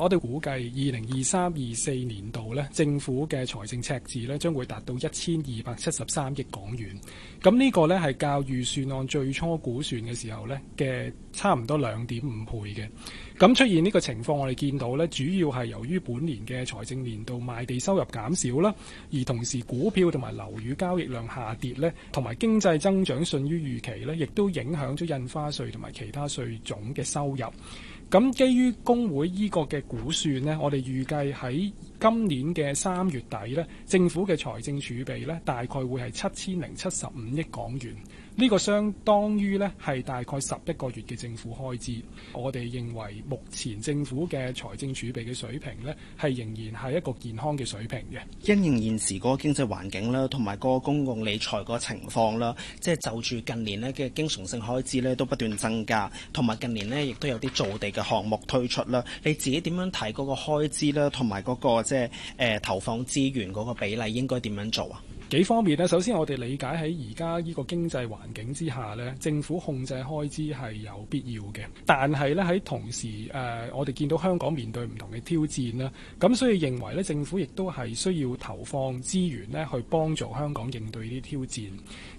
我哋估計二零二三、二四年度呢，政府嘅財政赤字呢，將會達到一千二百七十三億港元。咁呢個呢係較預算案最初估算嘅時候呢嘅差唔多兩點五倍嘅。咁出現呢個情況，我哋見到呢主要係由於本年嘅財政年度賣地收入減少啦，而同時股票同埋樓宇交易量下跌呢，同埋經濟增長遜於預期呢，亦都影響咗印花稅同埋其他稅種嘅收入。咁基於公會依個嘅估算咧，我哋預計喺今年嘅三月底咧，政府嘅財政儲備咧大概會係七千零七十五億港元。呢、這個相當於咧係大概十一個月嘅政府開支。我哋認為目前政府嘅財政儲備嘅水平咧係仍然係一個健康嘅水平嘅。因應現時個經濟環境啦，同埋個公共理財個情況啦，即係就住、是、近年咧嘅經常性開支咧都不斷增加，同埋近年咧亦都有啲造地，項目推出啦，你自己點樣睇嗰個開支啦，同埋嗰個即係誒投放資源嗰個比例應該點樣做啊？幾方面呢？首先，我哋理解喺而家呢個經濟環境之下呢，政府控制開支係有必要嘅。但係呢，喺同時，誒、呃、我哋見到香港面對唔同嘅挑戰啦，咁所以認為呢，政府亦都係需要投放資源呢去幫助香港應對呢啲挑戰。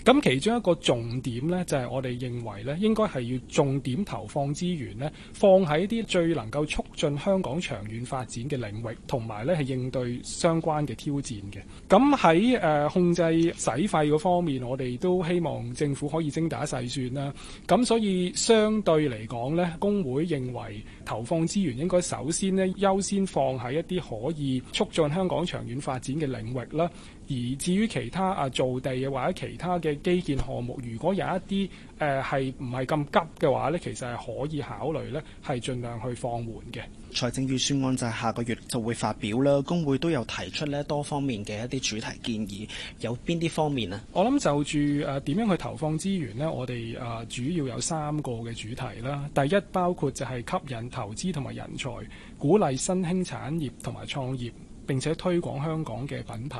咁其中一個重點呢，就係、是、我哋認為呢應該係要重點投放資源呢，放喺啲最能夠促進香港長遠發展嘅領域，同埋呢係應對相關嘅挑戰嘅。咁喺誒經濟使費個方面，我哋都希望政府可以精打細算啦。咁所以相對嚟講呢，公會認為投放資源應該首先呢，優先放喺一啲可以促進香港長遠發展嘅領域啦。而至於其他啊，造地或者其他嘅基建項目，如果有一啲誒係唔係咁急嘅話呢，其實係可以考慮呢，係盡量去放緩嘅。財政預算案就係下個月就會發表啦。公會都有提出呢多方面嘅一啲主題建議，有邊啲方面呢？我諗就住誒點樣去投放資源呢？我哋啊、呃、主要有三個嘅主題啦。第一包括就係吸引投資同埋人才，鼓勵新興產業同埋創業。並且推廣香港嘅品牌。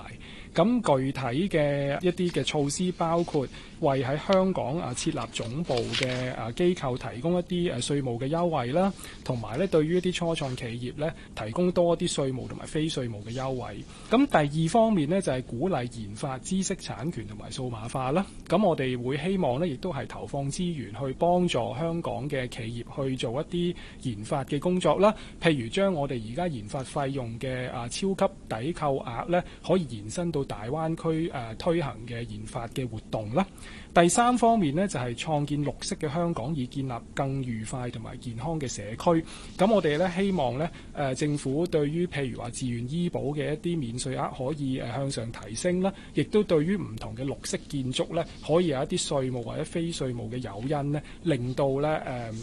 咁具體嘅一啲嘅措施，包括為喺香港啊設立總部嘅啊機構提供一啲誒稅務嘅優惠啦，同埋咧對於一啲初創企業咧提供多啲稅務同埋非稅務嘅優惠。咁第二方面呢，就係鼓勵研發知識產權同埋數碼化啦。咁我哋會希望呢，亦都係投放資源去幫助香港嘅企業去做一啲研發嘅工作啦。譬如將我哋而家研發費用嘅啊超級抵扣額咧，可以延伸到大灣區誒推行嘅研發嘅活動啦。第三方面咧，就係創建綠色嘅香港，以建立更愉快同埋健康嘅社區。咁我哋咧希望咧誒政府對於譬如話自願醫保嘅一啲免稅額可以誒向上提升啦，亦都對於唔同嘅綠色建築咧可以有一啲稅務或者非稅務嘅誘因咧，令到咧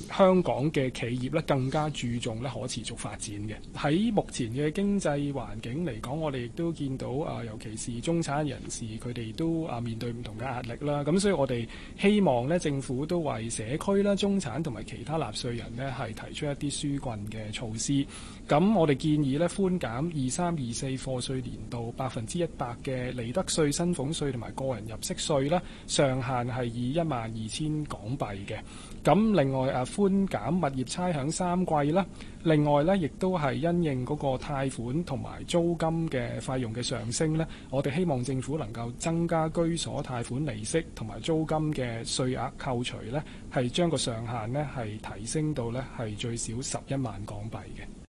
誒香港嘅企業咧更加注重咧可持續發展嘅喺目前嘅經濟環。境嚟講，我哋亦都見到啊、呃，尤其是中產人士佢哋都啊面對唔同嘅壓力啦。咁所以我哋希望呢，政府都為社區啦、中產同埋其他納稅人呢，係提出一啲紓困嘅措施。咁我哋建議呢，寬減二三二四課稅年度百分之一百嘅利得稅、薪俸稅同埋個人入息稅啦，上限係以一萬二千港幣嘅。咁另外啊，寬減物業差餉三季啦。另外呢，亦都係因應嗰個貸款同埋。租金嘅費用嘅上升呢，我哋希望政府能夠增加居所貸款利息同埋租金嘅稅額扣除呢，係將個上限呢，係提升到呢，係最少十一萬港幣嘅。